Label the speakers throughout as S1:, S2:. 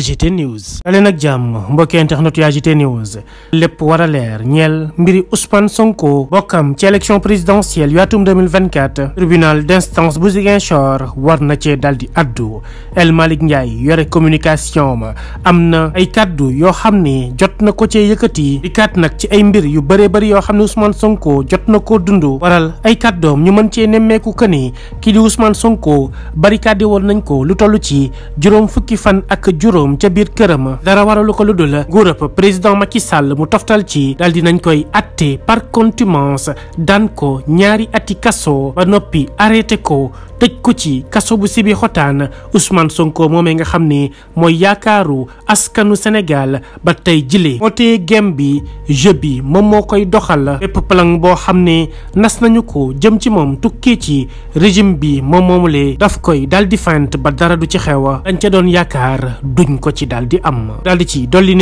S1: AGT News daleen ak jàmm mbokki internet yu AGT News lépp war a leer ñeel mbiri Ousmane Sonko bokkam ci élection présidentielle yu atum 2024 tribunal d'instance bu Ziguinchor war na cee dal di addu El Malick Ndiaye yore communication ma am na ay kàddu yoo xam ne jot na ko cee yëkkati di kat nag ci ay mbir yu bëree bëri yoo xam ne Ousmane Sonko jot na ko dund waral ay kàddoom ñu mën cee nemmeeku que ni kii di Ousmane Sonko barricade woon nañ ko lu toll ci juróom fukki fan ak juróom moom ca biir këram dara waralu ko lu dul gurëb président Macky Sall mu toftal ci daal dinañ koy atte par contumace daan ko ñaari ati kaso ba noppi arrêté ko tëj ko ci kaso bu sibi xotaan Ousmane Sonko moomee nga xam ne mooy yaakaaru askanu Sénégal ba tey jile moo tee bi jeu bi moom moo koy doxal bépp plan boo xam ne nas nañu ko jëm ci moom tukkee ci régime bi moom moomulee daf koy daal di fent ba dara du ci xewa dañ ca doon yaakaar duñ ko ci daal di am daal di ci dolli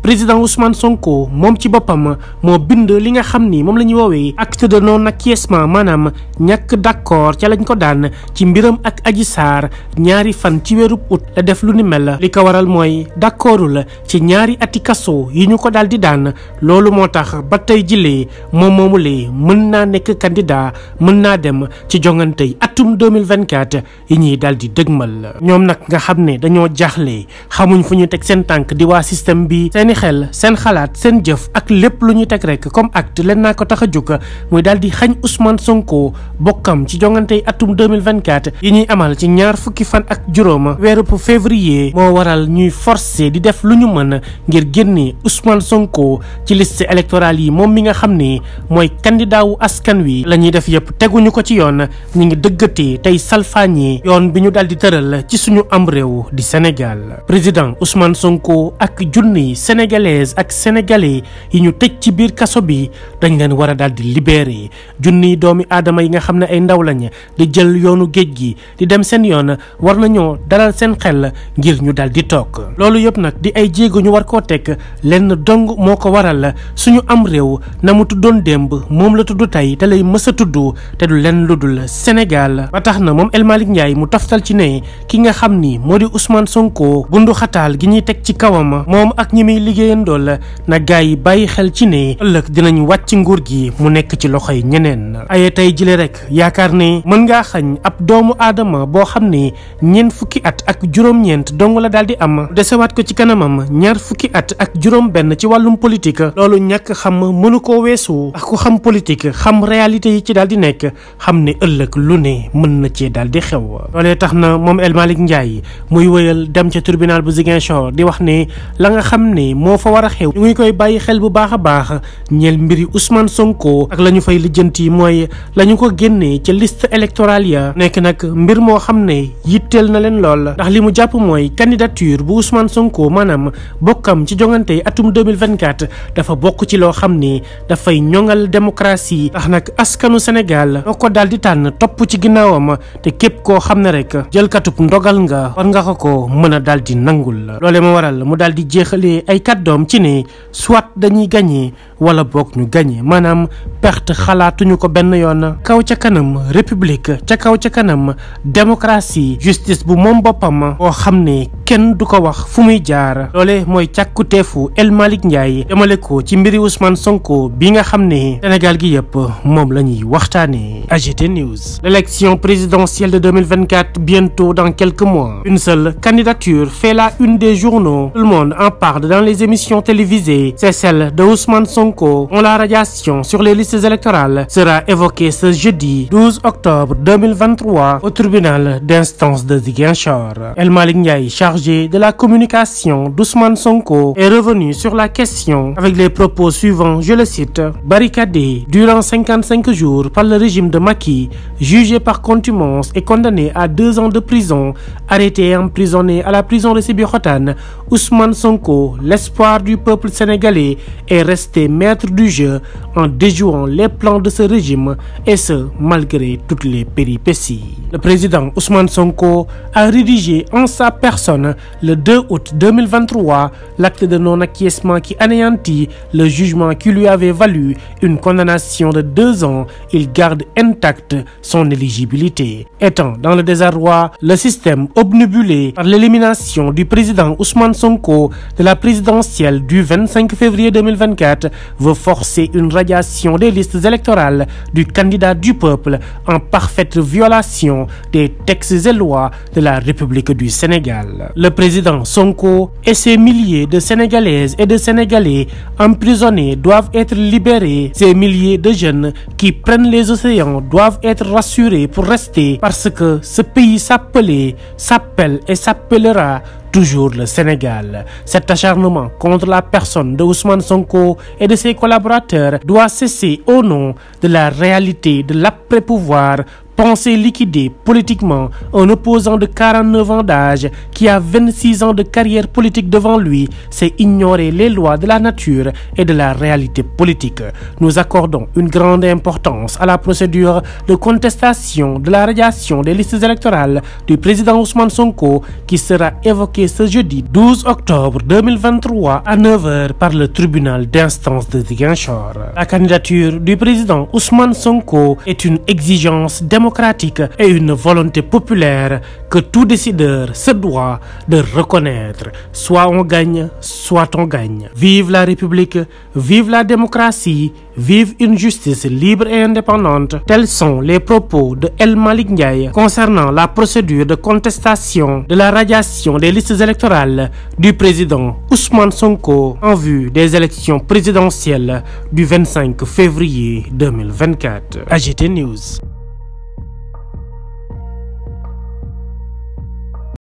S1: président Ousmane Sonko moom ci boppam moo bind li nga xam ni moom la ñuy woowee acte de non acquiescement maanaam ñàkk d'accord ca lañ ko daan ci mbiram ak aji Sarr ñaari fan ci weeru ut la def lu ni mel li ko waral mooy d'accordu la ci ñaari ati kaso yi ñu ko daal di daan loolu moo tax ba tey jilee moom moomu lee mën naa nekk candidat mën naa dem ci jongantey atum 2024 yi ñuy daal di dëgmal ñoom nag nga xam ne dañoo jaaxle xamuñ fu ñu teg seen tànk di waa système bi seeni xel seen xalaat seen jëf ak lépp lu ñu teg rek comme acte leen naa ko tax a jóg muy daal di xañ Ousmane Sonko bokkam ci jongantey atum 2024 2024 yi ñuy amal ci ñaar fukki fan ak juróoma weerub février moo waral ñuy forcé di def lu ñu mën ngir génne Ousmane Sonko ci liste électorale yi moom mi nga xam ni mooy candidat wu askan wi la ñuy def yëpp teguñu ko ci yoon ñu ngi dëggatee tey salfaañee yoon bi ñu daal di tëral ci suñu am réew di Sénégal président Ousmane Sonko ak junni sénégalaise ak sénégalais yi ñu tëj ci biir kaso bi dañ leen war a libéré junni doomi aadama yi nga xam ne ay ndaw lañ yoonu géej gi di dem seen yoon war nañoo dalal seen xel ngir ñu dal di toog loolu yëpp nag di ay jéego ñu war koo teg lenn dong moo ko waral suñu am réew na mu tuddoon démb moom la tudd tey te lay mës a tudd te du lenn lu dul Sénégal ba tax na moom El Malick Ndiaye mu toftal ci ne ki nga xam ni moo di Ousmane Sonko bundu xataal gi ñuy teg ci kawam moom ak ñi muy la na gars bàyyi xel ci ne ëllëg dinañ wàcc nguur gi mu nekk ci loxoy ñeneen aye doomu aadama boo xam ne ñeent fukki at ak juróom-ñeent dong la daal di am desewaat ko ci kanamam ñaar fukki at ak juróom-benn ci wàllum politique loolu ñàkk xam mënu koo weesu ak ku xam politique xam réalité yi ci daal di nekk xam ne ëllëg lu ne mën na cee daal di xew. loolee tax na moom El Malick yi muy wëyal dem ca tribunal bu Ziguinchor di wax ne la nga xam ne moo fa war a xew. ñu ngi koy bàyyi xel bu baax a baax ñeel mbiri Ousmane Sonko ak la ñu fay lijjanti mooy la ñu ko génnee ca liste électorale ya. nekk nag mbir moo xam ne yitteel na leen lool ndax li mu jàpp mooy candidature bu Ousmane Sonko maanaam bokkam ci jongante atum 2024 dafa bokk ci loo xam ne dafay ñoŋal démocratie ndax nag askanu senegal noo ko daal di tànn topp ci ginnaawam te képp koo xam ne rek jëlkatub ndogal nga war nga ko ko mën a daal di nangul loole ma waral mu daal di jeexalee ay kàddoom ci ne soit dañuy gagné wala boog ñu gagné maanaam perte xalaatuñu ko benn yoon. kaw ca kanam république ca kaw ca kanam démocratie justice bu moom boppam. boo xam ne kenn du ko wax fu muy jaar mooy càkkuteefu El Malick Ndiaye demale ko ci mbiri Ousmane Sonko bi nga xam ne Sénégal gi yëpp moom la ñuy waxtaanee agite News. l'élection présidentielle de 2024 bientôt dans quelques mois une seule candidature fait la une des journaux tout le monde en parle dans les émissions télévisées c'est celle de Ousmane Sonko dont la radiation sur les listes électorales sera évoquée ce jeudi 12 octobre 2023 au tribunal d'instance de Ziguinchor El Malick Ndiaye chargé chargé de la communication d'Ousmane Sonko est revenu sur la question avec les propos suivants, je le cite, barricadé durant jours par le régime de Macky, jugé par contumace et condamné à deux ans de prison, arrêté emprisonné à la prison de Sébikotane, Ousmane Sonko, l'espoir du peuple sénégalais, est resté maître du jeu en déjouant les plans de ce régime et ce malgré toutes les péripéties. Le président Ousmane Sonko a rédigé en sa personne le 2 août 2023 l'acte de non-acquiescement qui anéantit le jugement qui lui avait valu une condamnation de deux ans. Il garde intacte son éligibilité. Étant dans le désarroi, le système obnubulé par l'élimination du président Ousmane Sonko de la présidentielle du 25 février 2024 veut forcer une radiation des listes électorales du candidat du peuple en parfaite violation des textes et lois de la République du Sénégal. le président Sonko et ses milliers de Sénégalaises et de Sénégalais emprisonnés doivent être libérés. Ces milliers de jeunes qui prennent les océans doivent être rassurés pour rester parce que ce pays s'appelait, s'appelle et s'appellera toujours le Sénégal. Cet acharnement contre la personne de Ousmane Sonko et de ses collaborateurs doit cesser au nom de la réalité de l'après-pouvoir Penser liquider politiquement un opposant de 49 ans d'âge qui a 26 ans de carrière politique devant lui, c'est ignorer les lois de la nature et de la réalité politique. Nous accordons une grande importance à la procédure de de la radiation des listes électorales du président Ousmane Sonko qui sera évoquée ce jeudi 12 octobre 2023 à 9 par le tribunal d'instance de Ziguinchor. La candidature du président démocratique et une volonté populaire que tout décideur se doit de reconnaître. Soit on gagne, soit on gagne. Vive la République, vive la démocratie, vive une justice libre et indépendante. Tels sont les propos de El Malick Ndiaye concernant la procédure de contestation de la radiation des listes électorales du président Ousmane Sonko en vue des élections présidentielles du 25 février 2024. AGT